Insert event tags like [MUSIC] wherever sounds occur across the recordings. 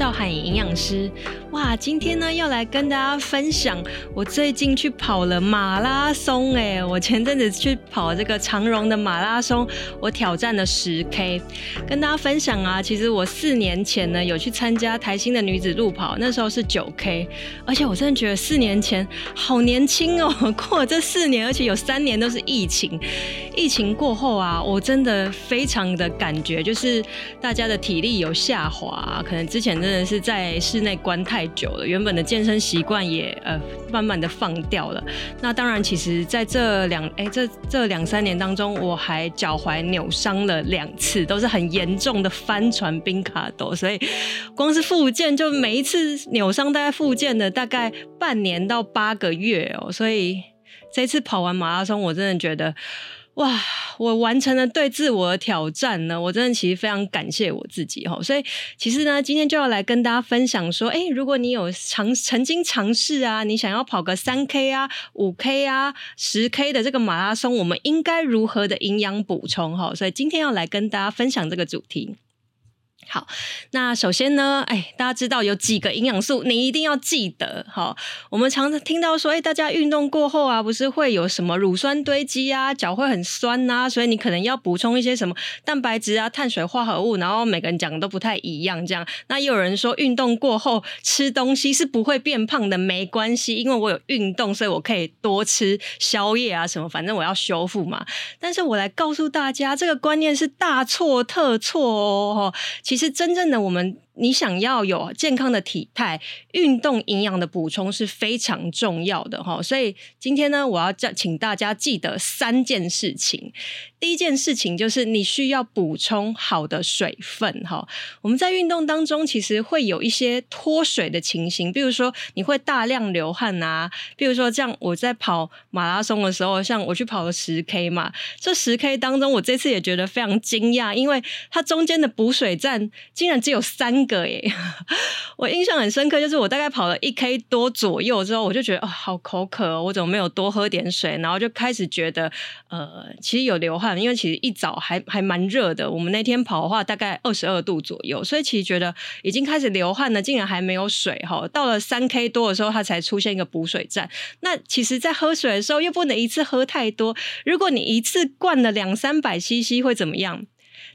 趙函穎營養師。啊，今天呢，要來跟大家分享，我最近去跑了馬拉松，欸，哎，我前陣子去跑這個長榮的馬拉松，我挑戰了十 K，跟大家分享啊，其實我四年前呢，有去參加台新的女子路跑，那時候是九 K，而且我真的覺得四年前好年輕哦，喔，過了這四年，而且有三年都是疫情，疫情過後啊，我真的非常的感覺就是大家的體力有下滑，啊，可能之前真的是在室內關太。久了，原本的健身習慣也呃慢慢的放掉了。那當然，其實在這兩誒、欸、這這兩三年當中，我還腳踝扭傷了兩次，都是很嚴重的翻船冰卡多。所以光是復健就每一次扭傷大概復健了大概半年到八個月哦。所以這次跑完馬拉松，我真的覺得。哇！我完成了對自我的挑戰呢，我真的其實非常感謝我自己哦，所以其實呢，今天就要來跟大家分享說，誒、欸，如果你有嘗曾經嘗試啊，你想要跑個三 K 啊、五 K 啊、十 K 的這個馬拉松，我們應該如何的營養補充哈？所以今天要來跟大家分享這個主題。好，那首先呢，哎，大家知道有幾個營養素你一定要記得。好，我們常常聽到說，哎、欸，大家運動過後啊，不是會有什麼乳酸堆積啊，腳會很酸吶、啊，所以你可能要補充一些什麼蛋白質啊、碳水化合物，然後每個人講的都不太一樣。這樣，那也有人說，運動過後吃東西是不會變胖的，沒關係，因為我有運動，所以我可以多吃宵夜啊，什麼，反正我要修復嘛。但是我來告訴大家，這個觀念是大錯特錯哦。其實。其實真正的我們，你想要有健康的體態，運動營養的補充是非常重要的，所以今天呢，我要叫請大家記得三件事情。第一件事情就是你需要補充好的水分，我們在運動當中其實會有一些脫水的情形，比如說你會大量流汗啊，比如說像我在跑馬拉松的時候，像我去跑了十 K 嘛，這十 K 當中，我這次也覺得非常驚訝，因為它中間的補水站竟然只有三。 [LAUGHS] 我印象很深刻，就是我大概跑了一 k 多左右之後，我就覺得、哦、好口渴、哦，我怎麼沒有多喝點水？然後就開始覺得，呃，其實有流汗，因為其實一早還還蠻熱的。我們那天跑的話，大概二十二度左右，所以其實覺得已經開始流汗了，竟然還沒有水。到了三 k 多的時候，它才出現一個補水站。那其實，在喝水的時候又不能一次喝太多，如果你一次灌了兩三百 cc，會怎麼樣？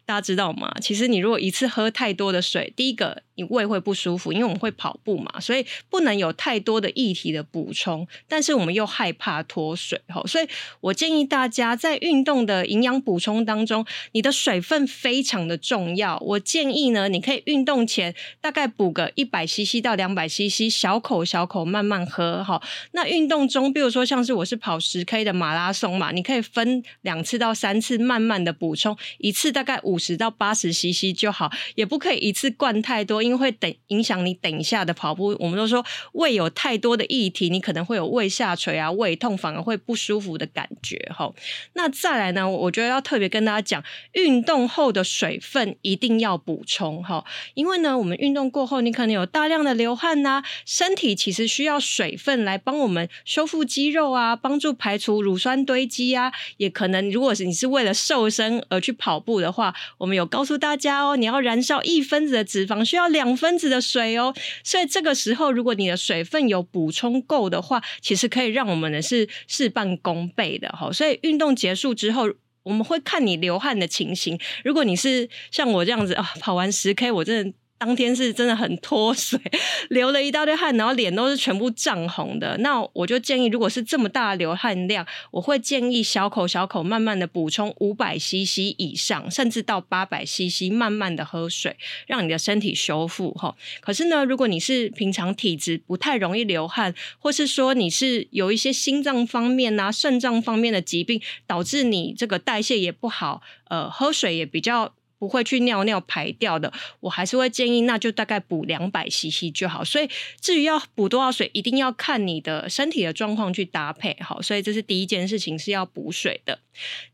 大家知道嗎？其實你如果一次喝太多的水，第一個你胃會不舒服，因為我們會跑步嘛，所以不能有太多的液體的補充。但是我們又害怕脫水哈，所以我建議大家在運動的營養補充當中，你的水分非常的重要。我建議呢，你可以運動前大概補個一百 CC 到兩百 CC，小口小口慢慢喝哈。那運動中，比如說像是我是跑十 K 的馬拉松嘛，你可以分兩次到三次，慢慢的補充，一次大概五。五十到八十 CC 就好，也不可以一次灌太多，因為會等影響你等一下的跑步。我們都說胃有太多的液體，你可能會有胃下垂啊、胃痛，反而會不舒服的感覺。吼，那再來呢？我覺得要特別跟大家講，運動後的水分一定要補充。哈，因為呢，我們運動過後，你可能有大量的流汗吶、啊，身體其實需要水分來幫我們修復肌肉啊，幫助排除乳酸堆積啊。也可能如果是你是為了瘦身而去跑步的話。我們有告訴大家哦，你要燃燒一分子的脂肪需要兩分子的水哦，所以這個時候如果你的水分有補充夠的話，其實可以讓我們的是事半功倍的哈。所以運動結束之後，我們會看你流汗的情形。如果你是像我這樣子啊，跑完十 K，我真的。當天是真的很脫水，流了一大堆汗，然後臉都是全部漲紅的。那我就建議，如果是這麼大的流汗量，我會建議小口小口慢慢的補充五百 CC 以上，甚至到八百 CC，慢慢的喝水，讓你的身體修復齁。可是呢，如果你是平常體質不太容易流汗，或是說你是有一些心臟方面啊、腎臟方面的疾病，導致你這個代謝也不好，呃，喝水也比較。不會去尿尿排掉的，我還是會建議，那就大概補兩百 CC 就好。所以至於要補多少水，一定要看你的身體的狀況去搭配。好，所以這是第一件事情是要補水的。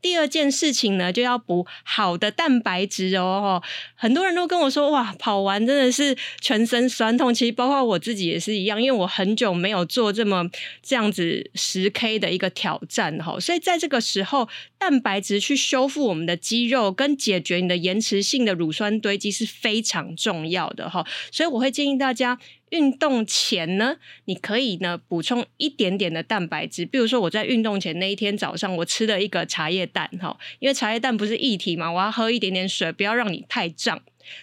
第二件事情呢，就要補好的蛋白質哦。很多人都跟我說，哇，跑完真的是全身痠痛。其實包括我自己也是一樣，因為我很久沒有做這麼這樣子十 K 的一個挑戰。所以在這個時候，蛋白質去修復我們的肌肉，跟解決你的炎。持性的乳酸堆積是非常重要的哈，所以我會建議大家運動前呢，你可以呢補充一點點的蛋白質，比如說我在運動前那一天早上，我吃了一個茶葉蛋哈，因為茶葉蛋不是液體嘛，我要喝一點點水，不要讓你太脹。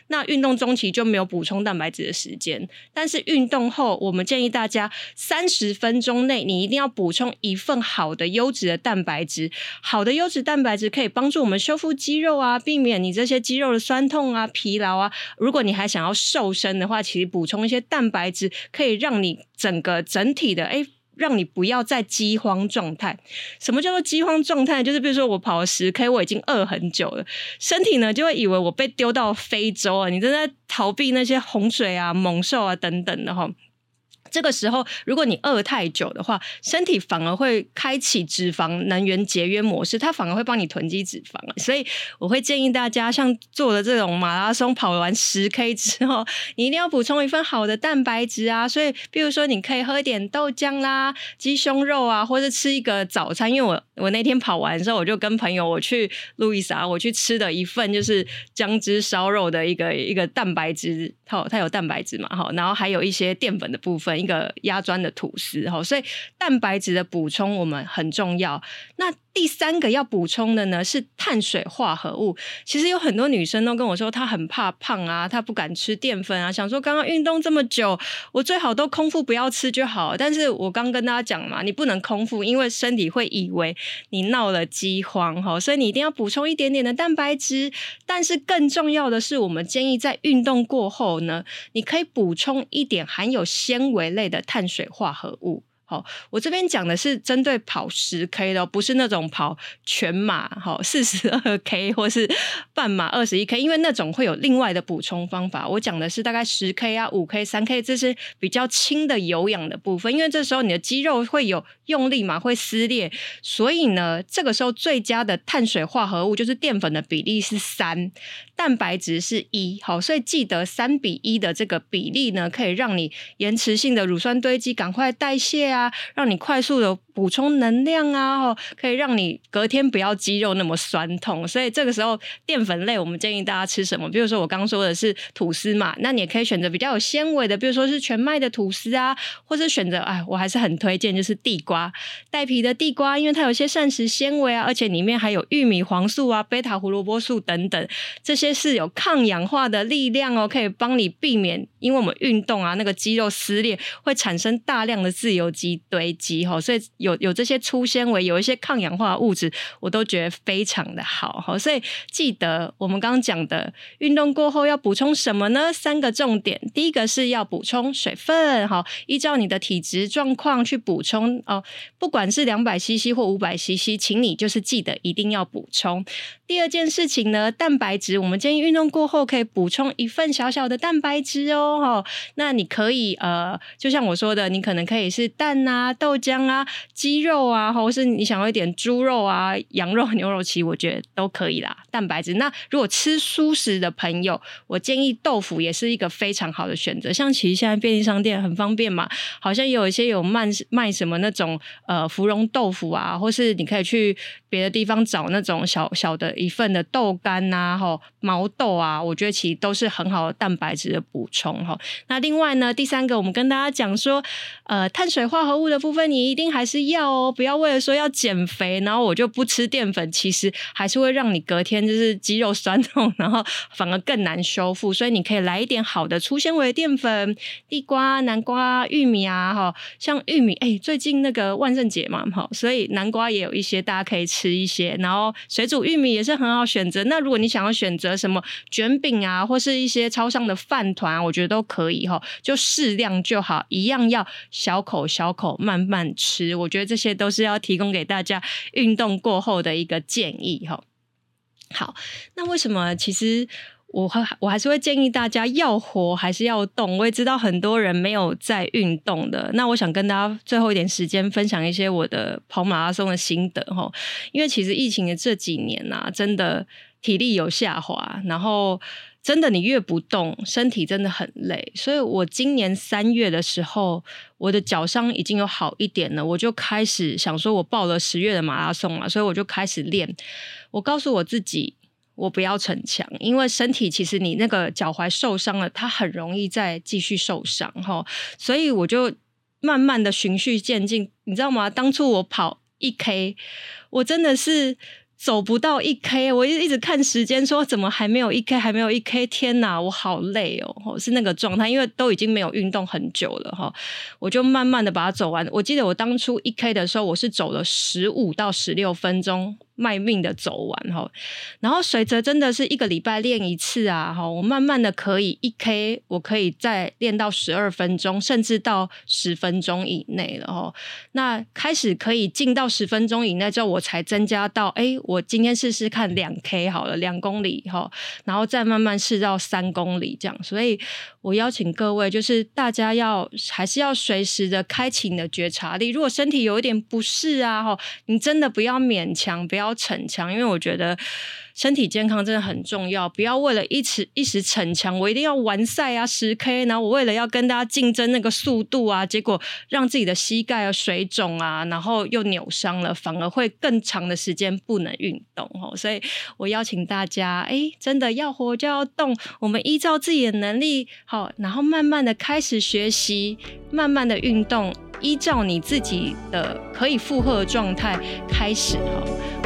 那運動中期就沒有補充蛋白質的時間，但是運動後，我們建議大家三十分鐘內，你一定要補充一份好的優質的蛋白質。好的優質蛋白質可以幫助我們修復肌肉啊，避免你這些肌肉的酸痛啊、疲勞啊。如果你還想要瘦身的話，其實補充一些蛋白質可以讓你整個整體的哎。欸讓你不要在飢荒狀態。什麼叫做飢荒狀態？就是比如說，我跑了十 K，我已經餓很久了，身體呢就會以為我被丟到非洲啊，你正在逃避那些洪水啊、猛獸啊等等的哈。這個時候，如果你餓太久的話，身體反而會開啟脂肪能源節約模式，它反而會幫你囤積脂肪。所以我會建議大家，像做了這種馬拉松跑完十 K 之後，你一定要補充一份好的蛋白質啊。所以，比如說你可以喝一點豆漿啦、啊，雞胸肉啊，或者吃一個早餐。因為我我那天跑完之後，我就跟朋友我去路易莎，我去吃的一份就是薑汁燒肉的一個一個蛋白質，好，它有蛋白質嘛，好，然後還有一些澱粉的部分。一個壓磚的吐司哈，所以蛋白質的補充我們很重要。那第三個要補充的呢是碳水化合物。其實有很多女生都跟我說，她很怕胖啊，她不敢吃澱粉啊，想說剛剛運動這麼久，我最好都空腹不要吃就好。但是我剛跟大家講嘛，你不能空腹，因為身體會以為你鬧了饑荒哈，所以你一定要補充一點點的蛋白質。但是更重要的是，我們建議在運動過後呢，你可以補充一點含有纖維類的碳水化合物，好，我這邊講的是針對跑十 k 的，不是那種跑全馬，好四十二 k 或是半馬二十一 k，因為那種會有另外的補充方法。我講的是大概十 k 啊、五 k、三 k，這些比較輕的有氧的部分，因為這時候你的肌肉會有用力嘛，會撕裂，所以呢，這個時候最佳的碳水化合物就是澱粉的比例是三。蛋白質是一。好，所以記得三比一的這個比例呢，可以讓你延遲性的乳酸堆積趕快代謝啊，讓你快速的補充能量啊，可以讓你隔天不要肌肉那麼痠痛。所以這個時候澱粉類，我們建議大家吃什麼？比如說我剛剛說的是吐司嘛，那你也可以選擇比較有纖維的，比如說是全麥的吐司啊，或者選擇哎，我還是很推薦就是地瓜，帶皮的地瓜，因為它有些膳食纖維啊，而且裡面還有玉米黃素啊、貝塔胡蘿蔔素等等，這些是有抗氧化的力量哦，可以幫你避免，因為我們運動啊，那個肌肉撕裂會產生大量的自由基堆積哈，所以有有這些粗纖維，有一些抗氧化的物質，我都覺得非常的好。所以記得我們剛剛講的，運動過後要補充什麼呢？三個重點，第一個是要補充水分哈，依照你的體質狀況去補充哦。不管是兩百 CC 或五百 CC，請你就是記得一定要補充。第二件事情呢，蛋白質，我們建議運動過後可以補充一份小小的蛋白質哦。那你可以呃，就像我說的，你可能可以是蛋啊、豆漿啊。雞肉啊，或是你想要一點豬肉啊、羊肉、牛肉其實，我覺得都可以啦。蛋白質。那如果吃蔬食的朋友，我建議豆腐也是一個非常好的選擇。像其實現在便利商店很方便嘛，好像有一些有賣賣什麼那種呃芙蓉豆腐啊，或是你可以去別的地方找那種小小的一份的豆干吶，哦，毛豆啊，我覺得其實都是很好的蛋白質的補充哦。那另外呢，第三個我們跟大家講說，呃，碳水化合物的部分你一定還是要哦，不要為了說要減肥，然後我就不吃澱粉，其實還是會讓你隔天。就是肌肉痠痛，然後反而更難修復，所以你可以來一點好的粗纖維澱粉，地瓜、南瓜、玉米啊，哈，像玉米，哎、欸，最近那個萬聖節嘛，哈，所以南瓜也有一些大家可以吃一些，然後水煮玉米也是很好選擇。那如果你想要選擇什麼捲餅啊，或是一些超商的飯糰，我覺得都可以哈，就適量就好，一樣要小口小口慢慢吃。我覺得這些都是要提供給大家運動過後的一個建議哈。好，那為什麼其實我我還是會建議大家要活還是要動？我也知道很多人沒有在運動的。那我想跟大家最後一點時間分享一些我的跑馬拉松的心得哈，因為其實疫情的這幾年吶、啊，真的體力有下滑，然後。真的，你越不動，身體真的很累。所以我今年三月的時候，我的腳傷已經有好一點了，我就開始想說，我報了十月的馬拉松嘛，所以我就開始練。我告訴我自己，我不要逞強，因為身體其實你那個腳踝受傷了，它很容易再繼續受傷哈、哦。所以我就慢慢的循序漸進，你知道嗎？當初我跑一 K，我真的是。走不到一 K，我一直一直看時間，說怎麼還沒有一 K，還沒有一 K，天吶，我好累哦，是那個狀態，因為都已經沒有運動很久了哈，我就慢慢的把它走完。我記得我當初一 K 的時候，我是走了十五到十六分鐘。賣命的走完哈，然後隨着真的是一個禮拜練一次啊我慢慢的可以一 k 我可以再練到十二分鐘，甚至到十分鐘以內了哦。那開始可以進到十分鐘以內之後，我才增加到哎、欸，我今天試試看兩 k 好了，兩公里然後再慢慢試到三公里這樣。所以我邀請各位就是大家要還是要隨時的開啟你的覺察力，如果身體有一點不適啊你真的不要勉強，不要。要逞強，因為我覺得身體健康真的很重要，不要為了一時一時逞強，我一定要完賽啊，十 K 然後，我為了要跟大家競爭那個速度啊，結果讓自己的膝蓋啊水腫啊，然後又扭傷了，反而會更長的時間不能運動哦。所以，我邀請大家，哎、欸，真的要活就要動，我們依照自己的能力好，然後慢慢的開始學習，慢慢的運動，依照你自己的可以負荷的狀態開始哈。